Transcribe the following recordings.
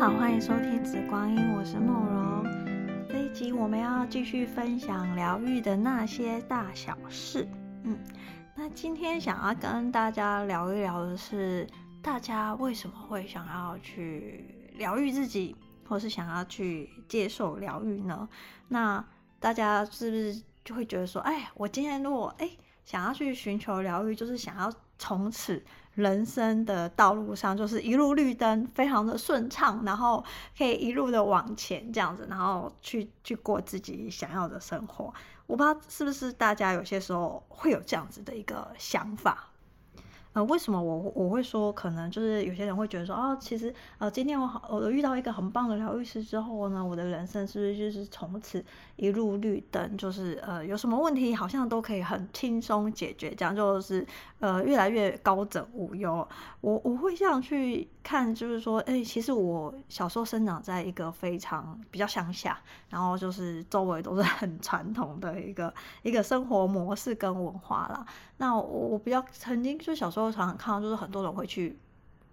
大家好，歡迎收聽《紫光音》，我是夢柔。這一集我們要繼續分享療癒的那些大小事。嗯，那今天想要跟大家聊一聊的是，大家為什麼會想要去療癒自己，或是想要去接受療癒呢？那大家是不是就會覺得說，哎，我今天如果哎，想要去尋求療癒，就是想要從此，人生的道路上，就是一路綠燈，非常的順暢，然後可以一路的往前這樣子，然後去去過自己想要的生活。我不知道是不是大家有些時候會有這樣子的一個想法。呃，為什麼我我會說，可能就是有些人會覺得說，哦、啊，其實呃，今天我好，我遇到一個很棒的療癒師之後呢，我的人生是不是就是從此一路綠燈，就是呃，有什麼問題好像都可以很輕鬆解決，這樣就是呃，越來越高枕無憂。我我會這樣去看，就是說，哎、欸，其實我小時候生長在一個非常比較鄉下，然後就是周圍都是很傳統的一個一個生活模式跟文化啦。那我，我比較曾經就小時候常常看到，就是很多人會去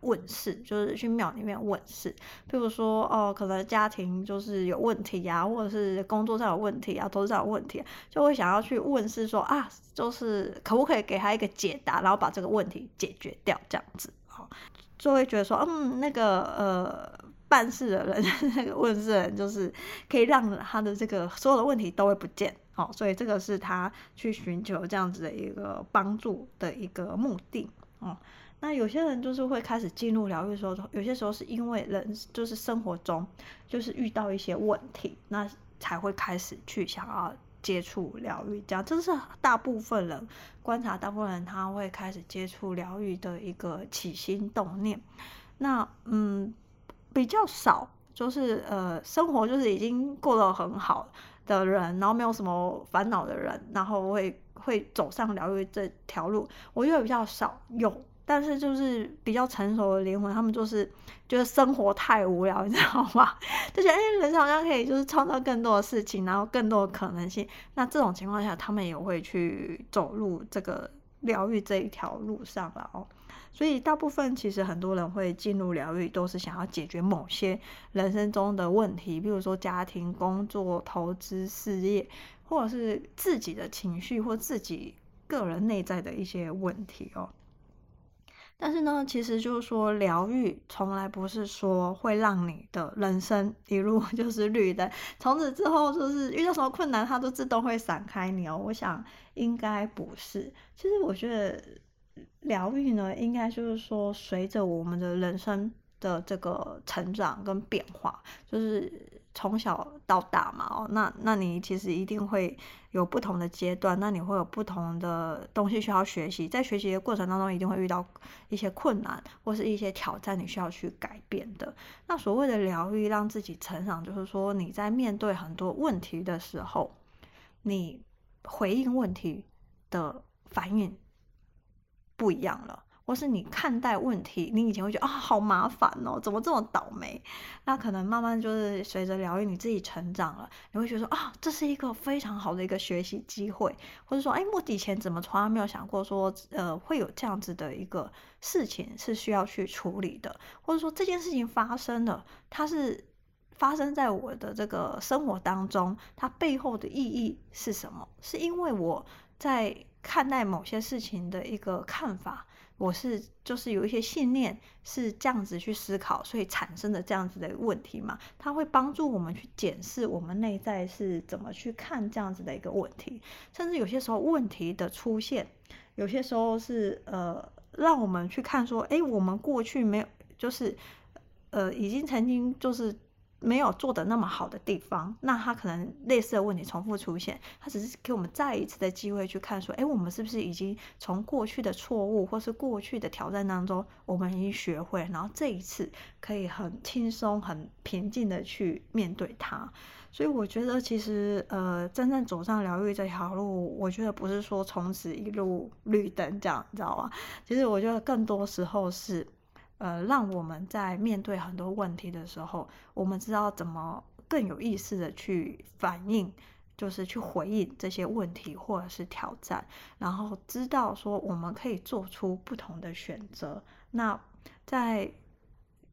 問事，就是去廟裡面問事。譬如說，哦、呃，可能家庭就是有問題啊，或者是工作上有問題啊，投資上有問題、啊，就會想要去問事，說啊，就是可不可以給他一個解答，然後把這個問題解決掉，這樣子、哦就會覺得說，嗯，那個呃，辦事的人，那個問事的人，就是可以讓他的這個所有的問題都會不見，哦，所以這個是他去尋求這樣子的一個幫助的一個目的，哦。那有些人就是會開始進入療癒，說有些時候是因為人就是生活中就是遇到一些問題，那才會開始去想要。接觸療癒，這樣這、就是大部分人觀察，大部分人他會開始接觸療癒的一個起心動念。那嗯，比較少，就是呃，生活就是已經過得很好的人，然後沒有什麼煩惱的人，然後會會走上療癒這條路，我覺得比較少用。但是就是比較成熟的靈魂，他們就是覺得生活太無聊，你知道嗎？就覺得哎，人生好像可以就是創造更多的事情，然後更多的可能性。那這種情況下，他們也會去走入這個療癒這一條路上了哦。所以大部分其實很多人會進入療癒，都是想要解決某些人生中的問題，比如說家庭、工作、投資、事業，或者是自己的情緒或自己個人內在的一些問題哦。但是呢，其實就是說，療癒從來不是說會讓你的人生一路就是綠燈，從此之後就是遇到什麼困難它都自動會閃開你哦。我想應該不是。其實我覺得療癒呢，應該就是說，隨着我們的人生的這個成長跟變化，就是。從小到大嘛，哦，那那你其實一定會有不同的階段，那你會有不同的東西需要學習，在學習的過程當中，一定會遇到一些困難或是一些挑戰，你需要去改變的。那所謂的療癒，讓自己成長，就是說你在面對很多問題的時候，你回應問題的反應不一樣了。或是你看待問題，你以前會覺得啊、哦，好麻煩哦，怎麼這麼倒霉？那可能慢慢就是隨着療癒，你自己成長了，你會覺得說啊、哦，這是一個非常好的一個學習機會，或者說，哎，我以前怎麼從來沒有想過說，呃，會有這樣子的一個事情是需要去處理的，或者說這件事情發生了，它是發生在我的這個生活當中，它背後的意義是什麼？是因為我在看待某些事情的一個看法。我是就是有一些信念是這樣子去思考，所以產生的這樣子的一個問題嘛，它會幫助我們去檢視我們內在是怎麼去看這樣子的一個問題，甚至有些時候問題的出現，有些時候是呃讓我們去看說，誒、欸，我們過去沒有，就是呃已經曾經就是。沒有做得那麼好的地方，那他可能類似的問題重複出現，他只是給我們再一次的機會去看，說，哎，我們是不是已經從過去的錯誤或是過去的挑戰當中，我們已經學會了，然後這一次可以很輕鬆、很平靜的去面對它。所以我覺得，其實，呃，真正走上療癒這條路，我覺得不是說從此一路綠燈這樣，你知道嗎？其實我覺得更多時候是。呃，讓我們在面對很多問題的時候，我們知道怎麼更有意識的去反應，就是去回應這些問題或者是挑戰，然後知道說我們可以做出不同的選擇。那在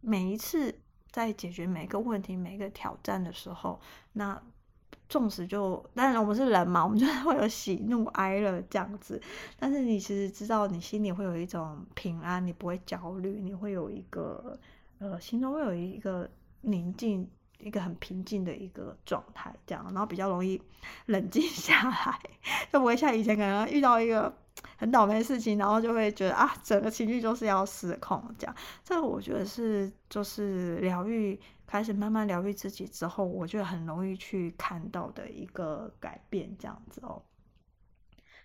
每一次在解決每個問題、每個挑戰的時候，那。縱使就，當然我們是人嘛，我們就是會有喜怒哀樂這樣子。但是你其實知道，你心裡會有一種平安，你不會焦慮，你會有一個，呃，心中會有一個寧靜，一個很平靜的一個狀態，這樣，然後比較容易冷靜下來，就不會像以前可能遇到一個。很倒霉的事情，然後就會覺得啊，整個情緒就是要失控這樣。這我覺得是就是療癒，開始慢慢療癒自己之後，我覺得很容易去看到的一個改變這樣子哦。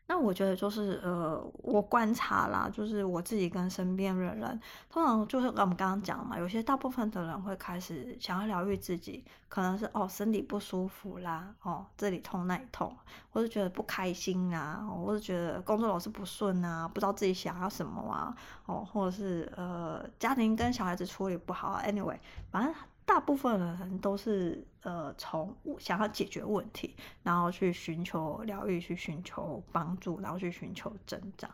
那我覺得就是呃，我觀察啦，就是我自己跟身邊的人，通常就是我們剛剛講嘛，有些大部分的人會開始想要療癒自己，可能是哦身體不舒服啦，哦這裡痛那裡痛，或者覺得不開心啊，哦，或者覺得工作老是不順啊，不知道自己想要什麼啊，哦或者是呃家庭跟小孩子處理不好啊，anyway 反正。大部分的人都是呃從想要解決問題，然後去尋求療癒，去尋求幫助，然後去尋求增長。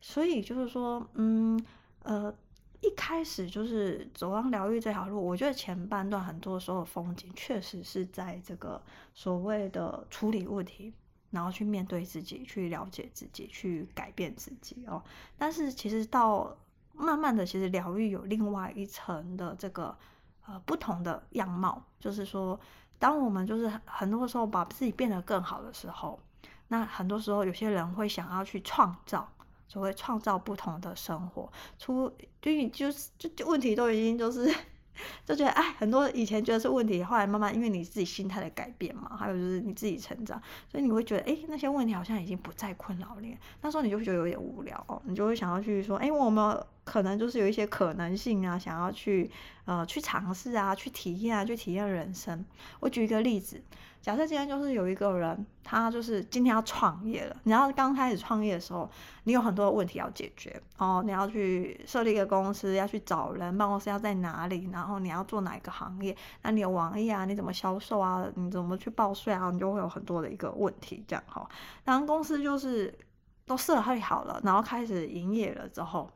所以就是說，嗯，呃，一開始就是走上療癒這條路，我覺得前半段很多時候風景確實是在這個所謂的處理問題，然後去面對自己，去了解自己，去改變自己哦。但是其實到慢慢的，其實療癒有另外一層的這個。呃，不同的樣貌，就是說，當我們就是很多時候，把自己變得更好的時候，那很多時候有些人會想要去創造，所謂創造不同的生活，出就就是就就問題都已經就是，就覺得哎，很多以前覺得是問題，後來慢慢因為你自己心態的改變嘛，還有就是你自己成長，所以你會覺得哎，那些問題好像已經不再困擾你了，那時候你就會覺得有點無聊哦，你就會想要去說，哎，我們。可能就是有一些可能性啊，想要去呃去嘗試啊，去體驗啊，去體驗人生。我舉一個例子，假設今天就是有一個人，他就是今天要創業了。你要剛開始創業的時候，你有很多的問題要解決哦。你要去設立一個公司，要去找人，辦公室要在哪裡，然後你要做哪一個行業？那你有網頁啊，你怎麼銷售啊，你怎麼去報稅啊，你就會有很多的一個問題這樣哈。然後公司就是都設立好了，然後開始營業了之後。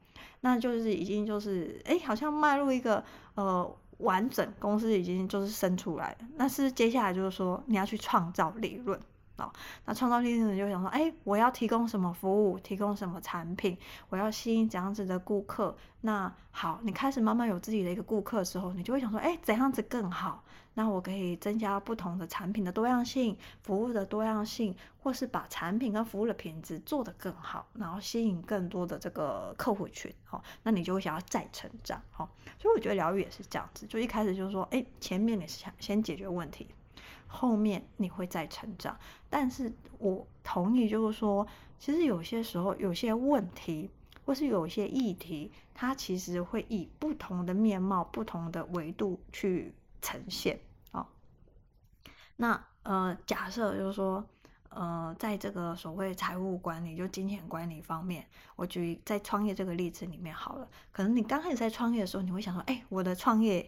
那就是已經就是哎、欸，好像邁入一個呃完整公司，已經就是生出來，那是，是接下來就是說你要去創造利潤。好，那創造力的人就會想說，欸，我要提供什麼服務，提供什麼產品，我要吸引怎樣子的顧客。那好，你開始慢慢有自己的一個顧客的時候，你就會想說，欸，怎樣子更好？那我可以增加不同的產品的多樣性，服務的多樣性，或是把產品跟服務的品質做得更好，然後吸引更多的這個客戶群。好，那你就會想要再成長。好，所以我覺得療癒也是這樣子，就一開始就是說，欸，前面你是想先解決問題。後面你會再成長，但是我同意，就是說，其實有些時候，有些問題或是有些議題，它其實會以不同的面貌、不同的維度去呈現。哦，那呃，假設就是說，呃，在這個所謂財務管理，就金錢管理方面，我舉在創業這個例子裡面好了。可能你剛開始在創業的時候，你會想說，誒，我的創業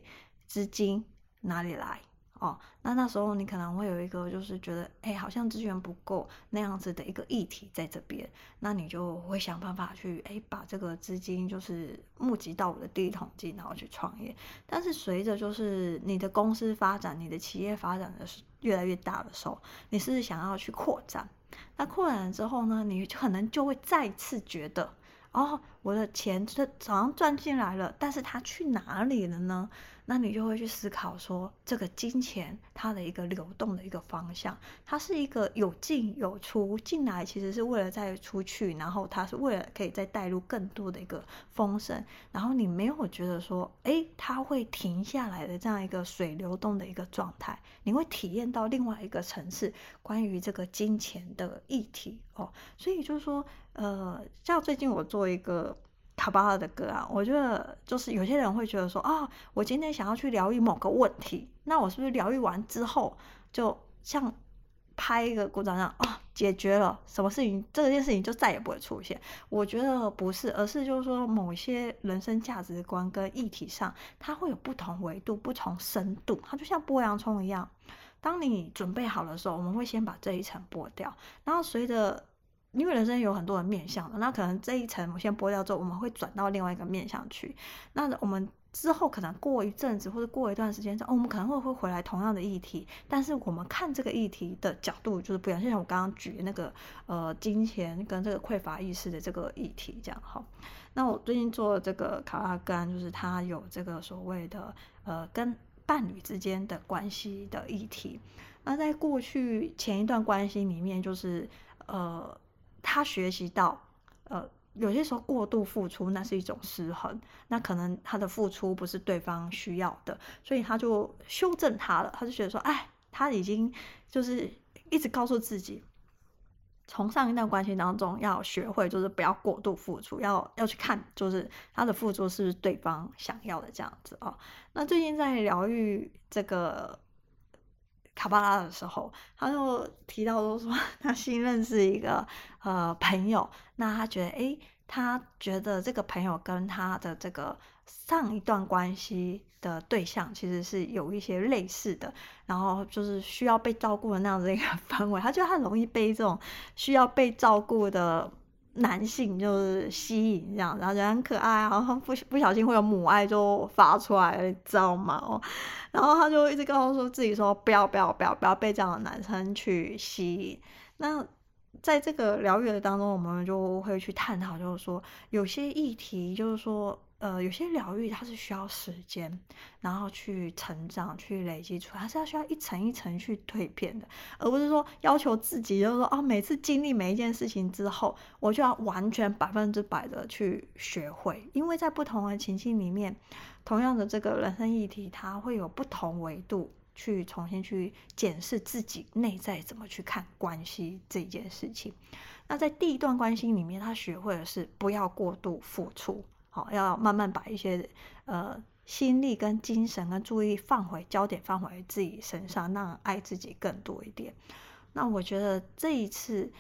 資金哪裡來？哦，那那時候你可能會有一個，就是覺得，哎，好像資源不夠那樣子的一個議題在這邊，那你就會想辦法去，哎，把這個資金就是募集到我的第一桶金，然後去創業。但是隨着就是你的公司發展，你的企業發展的是越來越大的時候，你是不是想要去擴展？那擴展了之後呢，你可能就會再次覺得。哦，我的錢是早上賺進來了，但是他去哪裡了呢？那你就會去思考說，這個金錢它的一個流動的一個方向，它是一個有進有出，進來其實是為了再出去，然後它是為了可以再帶入更多的一個豐盛。然後你沒有覺得說，哎，它會停下來的這樣一個水流動的一個狀態，你會體驗到另外一個層次關於這個金錢的議題哦，所以就是說。呃，像最近我做一個塔巴爾的歌啊，我覺得就是有些人會覺得說啊、哦，我今天想要去療癒某個問題，那我是不是療癒完之後，就像拍一個鼓掌這樣啊、哦，解決了什麼事情，這件事情就再也不會出現？我覺得不是，而是就是說某些人生價值觀跟議題上，它會有不同維度、不同深度，它就像剝洋蔥一樣，當你準備好的時候，我們會先把這一層剝掉，然後隨着。因為人生有很多的面向的，那可能這一層我先剝掉之後，我們會轉到另外一個面向去。那我們之後可能過一陣子，或者過一段時間，哦，我們可能會會回來同樣的議題，但是我們看這個議題的角度就是不要像我剛剛舉那個呃，金錢跟這個匱乏意識的這個議題這樣哈。那我最近做這個卡拉甘，就是他有這個所謂的呃，跟伴侶之間的關係的議題。那在過去前一段關係裡面，就是呃。他學習到，呃，有些時候過度付出，那是一種失衡，那可能他的付出不是對方需要的，所以他就修正他了，他就覺得說，哎，他已經就是一直告訴自己，從上一段關係當中要學會，就是不要過度付出，要要去看，就是他的付出是不是對方想要的這樣子哦。那最近在療癒這個卡巴拉的時候，他就提到都說他新認識一個呃朋友，那他覺得誒，他覺得這個朋友跟他的這個上一段關係的對象其實是有一些類似的，然後就是需要被照顧的那樣子一個氛圍，他覺得他很容易被這種需要被照顧的男性就是吸引這樣子，然後就很可愛啊，然後不不小心會有母愛就發出來，你知道嗎？然後他就一直告訴說自己說，不要不要不要不要被這樣的男生去吸引，那。在這個療癒的當中，我們就會去探討，就是說有些議題，就是說呃，有些療癒它是需要時間，然後去成長、去累積出來，它是要需要一層一層去蛻變的，而不是說要求自己，就是說啊，每次經歷每一件事情之後，我就要完全百分之百的去學會，因為在不同的情境裡面，同樣的這個人生議題，它會有不同維度。去重新去檢視自己內在怎麼去看關係這件事情。那在第一段關係裡面，他學會的是不要過度付出，好，要慢慢把一些呃心力跟精神跟注意力放回焦點，放回自己身上，讓愛自己更多一點。那我覺得這一次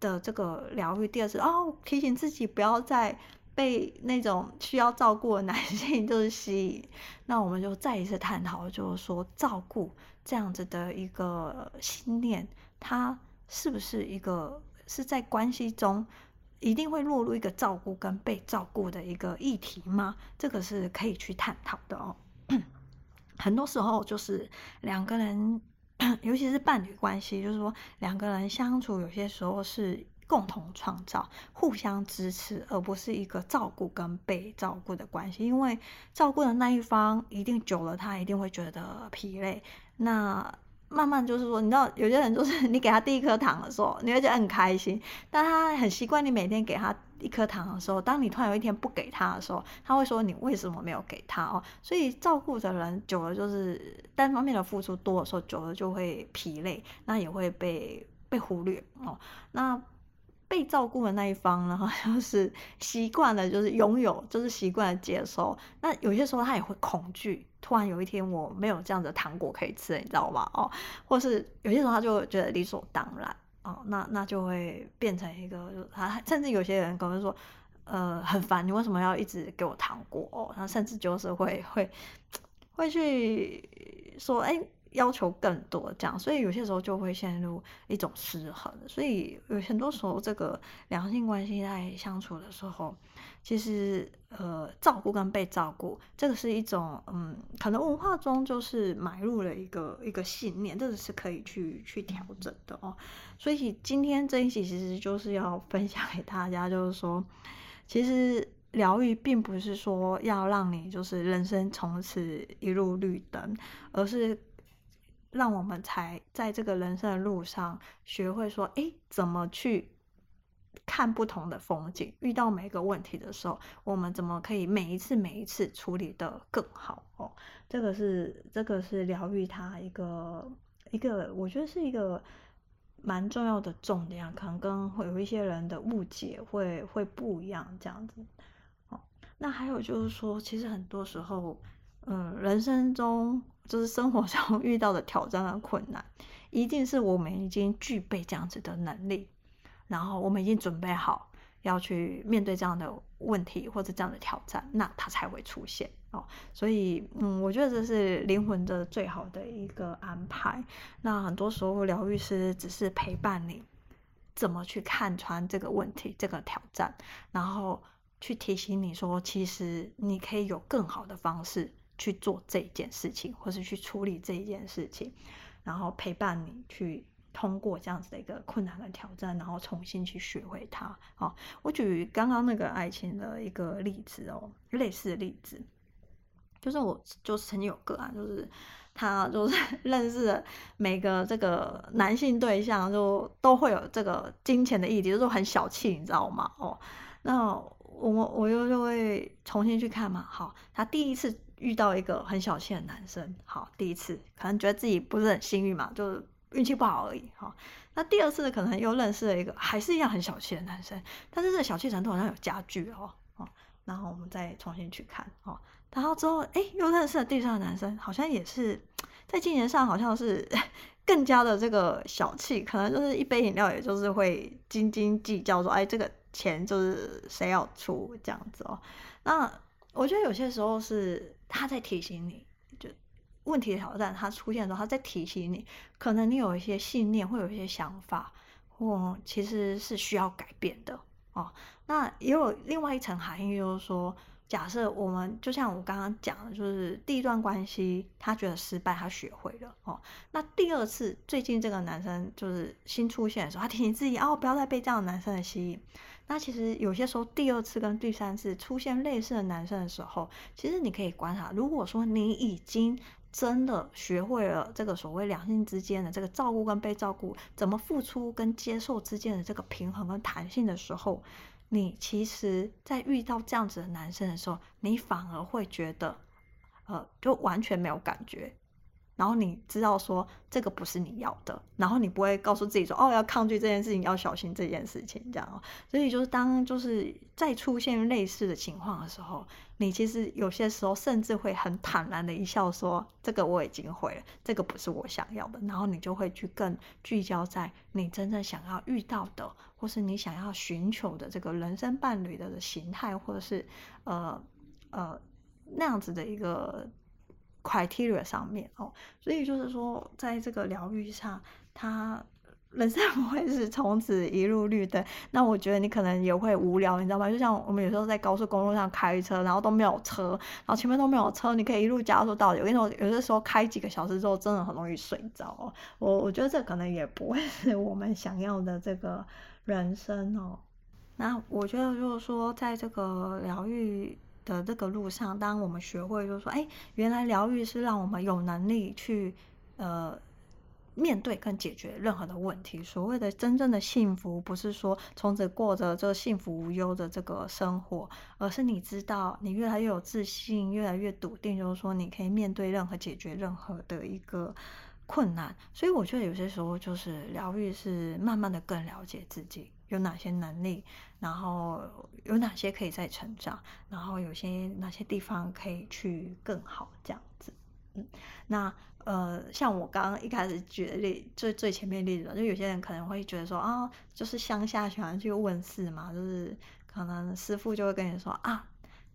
的這個療癒，第二次，哦，提醒自己不要再。被那種需要照顧的男性就是吸引，那我們就再一次探討，就是說照顧這樣子的一個信念，它是不是一個是在關係中一定會落入一個照顧跟被照顧的一個議題嗎？這個是可以去探討的哦。 很多時候就是兩個人，尤其是伴侶關係，就是說兩個人相處，有些時候是。共同創造，互相支持，而不是一個照顧跟被照顧的關係。因為照顧的那一方，一定久了，他一定會覺得疲累。那慢慢就是說，你知道，有些人就是你給他第一顆糖的時候，你會覺得很開心。但他很習慣你每天給他一顆糖的時候，當你突然有一天不給他的時候，他會說你為什麼沒有給他哦？所以照顧的人久了，就是單方面的付出多的時候，久了就會疲累，那也會被被忽略哦。那被照顧的那一方，然後就是習慣了，就是擁有，就是習慣了接受。那、嗯、有些時候他也會恐懼，突然有一天我沒有這樣的糖果可以吃，你知道嗎？哦，或是有些時候他就覺得理所當然啊、哦，那那就會變成一個，就他甚至有些人可能說，呃，很煩，你為什麼要一直給我糖果？哦，然後甚至就是會會會去說，哎、欸。要求更多，這樣，所以有些時候就會陷入一種失衡。所以有很多時候，這個兩性關係在相處的時候，其實呃，照顧跟被照顧，這個是一種嗯，可能文化中就是買入了一個一個信念，這個是可以去去調整的哦。所以今天這一集其實就是要分享給大家，就是說，其實療癒並不是說要讓你就是人生從此一路綠燈，而是。讓我們才在這個人生的路上學會說：“哎，怎麼去看不同的風景？遇到每個問題的時候，我們怎麼可以每一次每一次處理得更好？哦，這個是這個是療癒他一個一個，我覺得是一個蠻重要的重點，可能跟會有一些人的誤解會會不一樣這樣子。哦，那還有就是說，其實很多時候，嗯、呃，人生中。就是生活上遇到的挑戰和困難，一定是我們已經具備這樣子的能力，然後我們已經準備好要去面對這樣的問題或者這樣的挑戰，那它才會出現哦。所以，嗯，我覺得這是靈魂的最好的一個安排。那很多時候，療癒師只是陪伴你，怎麼去看穿這個問題、這個挑戰，然後去提醒你說，其實你可以有更好的方式。去做這一件事情，或是去處理這一件事情，然後陪伴你去通過這樣子的一個困難的挑戰，然後重新去學會它。好，我舉剛剛那個愛情的一個例子哦，類似的例子，就是我就是曾經有個案、啊，就是他就是認識了每個這個男性對象就，就都會有這個金錢的意義，就是很小氣，你知道嗎？哦，那我我我又就會重新去看嘛。好，他第一次。遇到一個很小氣的男生，好，第一次可能覺得自己不是很幸運嘛，就是運氣不好而已，好、哦，那第二次可能又認識了一個還是一樣很小氣的男生，但是這個小氣程度好像有加劇哦，哦，然後我們再重新去看，哦，然後之後哎又認識了第三個男生，好像也是在金錢上好像是更加的這個小氣，可能就是一杯飲料也就是會斤斤計較說，說哎這個錢就是誰要出這樣子哦，那我覺得有些時候是。他在提醒你，就問題的挑戰，他出現的時候，他在提醒你，可能你有一些信念，會有一些想法，或其實是需要改變的哦。那也有另外一層含義，就是說。假設我們就像我剛剛講的，就是第一段關係他覺得失敗，他學會了哦。那第二次最近這個男生就是新出現的時候，他提醒自己哦，不要再被這樣的男生的吸引。那其實有些時候第二次跟第三次出現類似的男生的時候，其實你可以觀察，如果說你已經真的學會了這個所謂兩性之間的這個照顧跟被照顧，怎麼付出跟接受之間的這個平衡跟彈性的時候。你其實在遇到這樣子的男生的時候，你反而會覺得，呃，就完全沒有感覺。然後你知道說，這個不是你要的，然後你不會告訴自己說哦，要抗拒這件事情，要小心這件事情這樣哦。所以就是當就是再出現類似的情況的時候，你其實有些時候甚至會很坦然的一笑說，這個我已經會了，這個不是我想要的。然後你就會去更聚焦在你真正想要遇到的，或是你想要尋求的這個人生伴侶的的形態，或者是呃呃那樣子的一個 criteria 上面哦，所以就是說，在這個療癒上，他人生不會是從此一路綠燈。那我覺得你可能也會無聊，你知道嗎？就像我們有時候在高速公路上開車，然後都沒有車，然後前面都沒有車，你可以一路加速到底。我跟有的時候開幾個小時之後，真的很容易睡着。我我覺得這可能也不會是我們想要的這個人生哦。那我覺得，就是說在這個療癒，的這個路上，當我們學會就是說，哎，原來療癒是讓我們有能力去，呃，面對跟解決任何的問題。所謂的真正的幸福，不是說從此過着這幸福無憂的這個生活，而是你知道，你越來越有自信，越來越篤定，就是說你可以面對任何、解決任何的一個困難。所以我覺得有些時候就是療癒是慢慢的更了解自己。有哪些能力？然後有哪些可以再成長？然後有些哪些地方可以去更好？這樣子，嗯，那呃，像我剛剛一開始舉的例，最最前面例子，就有些人可能會覺得說啊、哦，就是鄉下喜歡去問事嘛，就是可能師傅就會跟你說啊，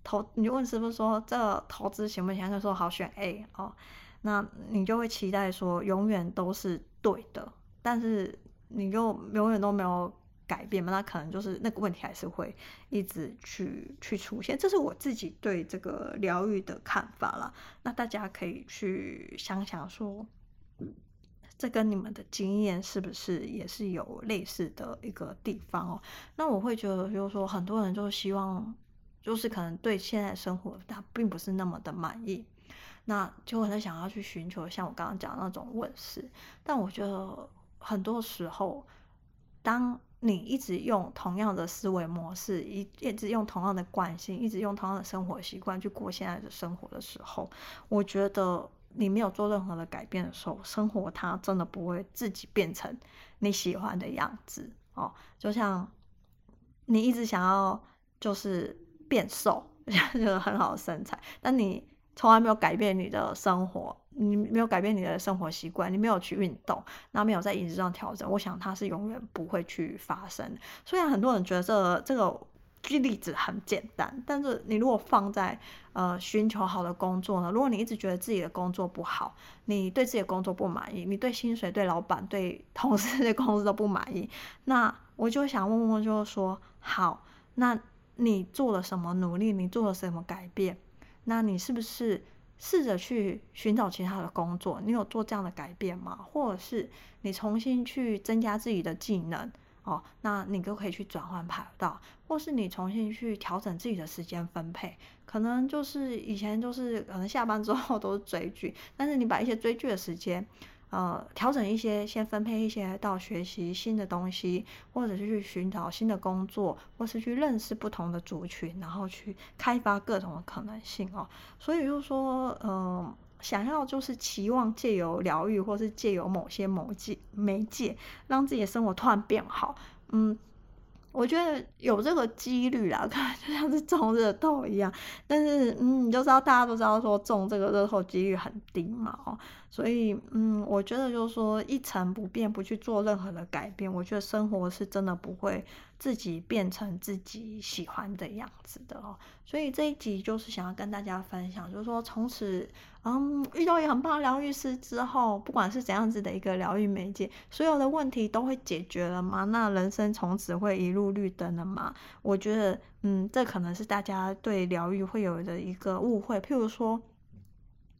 投你就問師傅說這個，投資行不行？他說好選 A 哦，那你就會期待說永遠都是對的，但是你就永遠都沒有。改變嘛，那可能就是那個問題還是會一直去去出現。這是我自己對這個療癒的看法了。那大家可以去想想說，嗯，這跟你們的經驗是不是也是有類似的一個地方哦？那我會覺得就是說，很多人就是希望，就是可能對現在生活他並不是那麼的滿意，那就很想要去尋求像我剛剛講那種問世。但我覺得很多時候，當你一直用同樣的思維模式，一一直用同樣的慣性，一直用同樣的生活習慣去過現在的生活的時候，我覺得你沒有做任何的改變的時候，生活它真的不會自己變成你喜歡的樣子哦。就像你一直想要就是變瘦，就是很好的身材，但你從來沒有改變你的生活。你沒有改變你的生活習慣，你沒有去運動，那沒有在飲食上調整，我想它是永遠不會去發生。雖然很多人覺得這、這個舉例子很簡單，但是你如果放在呃尋求好的工作呢？如果你一直覺得自己的工作不好，你對自己的工作不滿意，你對薪水、對老闆、對同事、對公司都不滿意，那我就想問問，就是說，好，那你做了什麼努力？你做了什麼改變？那你是不是？試着去尋找其他的工作，你有做這樣的改變嗎？或者是你重新去增加自己的技能哦，那你就可以去轉換跑道，或是你重新去調整自己的時間分配。可能就是以前就是可能下班之後都是追劇，但是你把一些追劇的時間。呃，調整一些，先分配一些到學習新的東西，或者是去尋找新的工作，或是去認識不同的族群，然後去開發各種的可能性哦。所以就是說，嗯、呃，想要就是期望借由療癒，或是借由某些某介媒介，讓自己的生活突然變好。嗯，我覺得有這個幾率啦，可能就像是中樂透一樣。但是，嗯，你就知道大家都知道說中這個樂透幾率很低嘛，哦。所以，嗯，我覺得就是說一成不變，不去做任何的改變，我覺得生活是真的不會自己變成自己喜歡的樣子的哦。所以這一集就是想要跟大家分享，就是說從此，嗯，遇到一個很棒療癒師之後，不管是怎樣子的一個療癒媒介，所有的問題都會解決了嗎？那人生從此會一路綠燈了嗎？我覺得，嗯，這可能是大家對療癒會有的一個誤會，譬如說。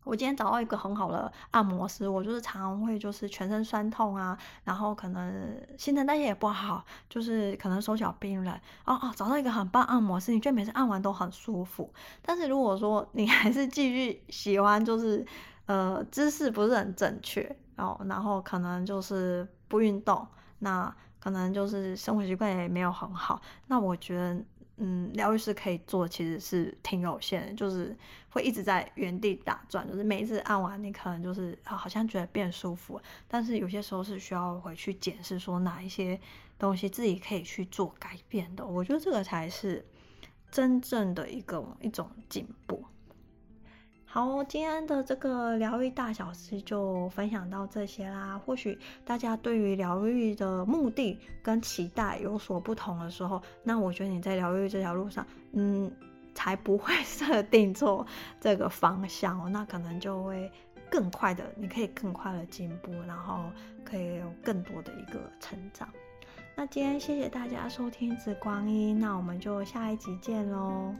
我今天找到一個很好的按摩師，我就是常常會就是全身痠痛啊，然後可能新陳代謝也不好，就是可能手腳冰冷。哦哦，找到一個很棒按摩師，你覺得每次按完都很舒服。但是如果說你還是繼續喜歡，就是呃姿勢不是很正確哦，然後可能就是不運動，那可能就是生活習慣也沒有很好。那我覺得。嗯，療癒師可以做，其實是挺有限的，就是會一直在原地打轉，就是每一次按完，你可能就是好像覺得變得舒服，但是有些時候是需要回去檢視，說哪一些東西自己可以去做改變的，我覺得這個才是真正的一個一種進步。好，今天的這個療癒大小事就分享到這些啦。或許大家對於療癒的目的跟期待有所不同的時候，那我覺得你在療癒這條路上，嗯，才不會設定錯這個方向哦。那可能就會更快的，你可以更快的進步，然後可以有更多的一個成長。那今天謝謝大家收聽《紫光一》，那我們就下一集見嘍。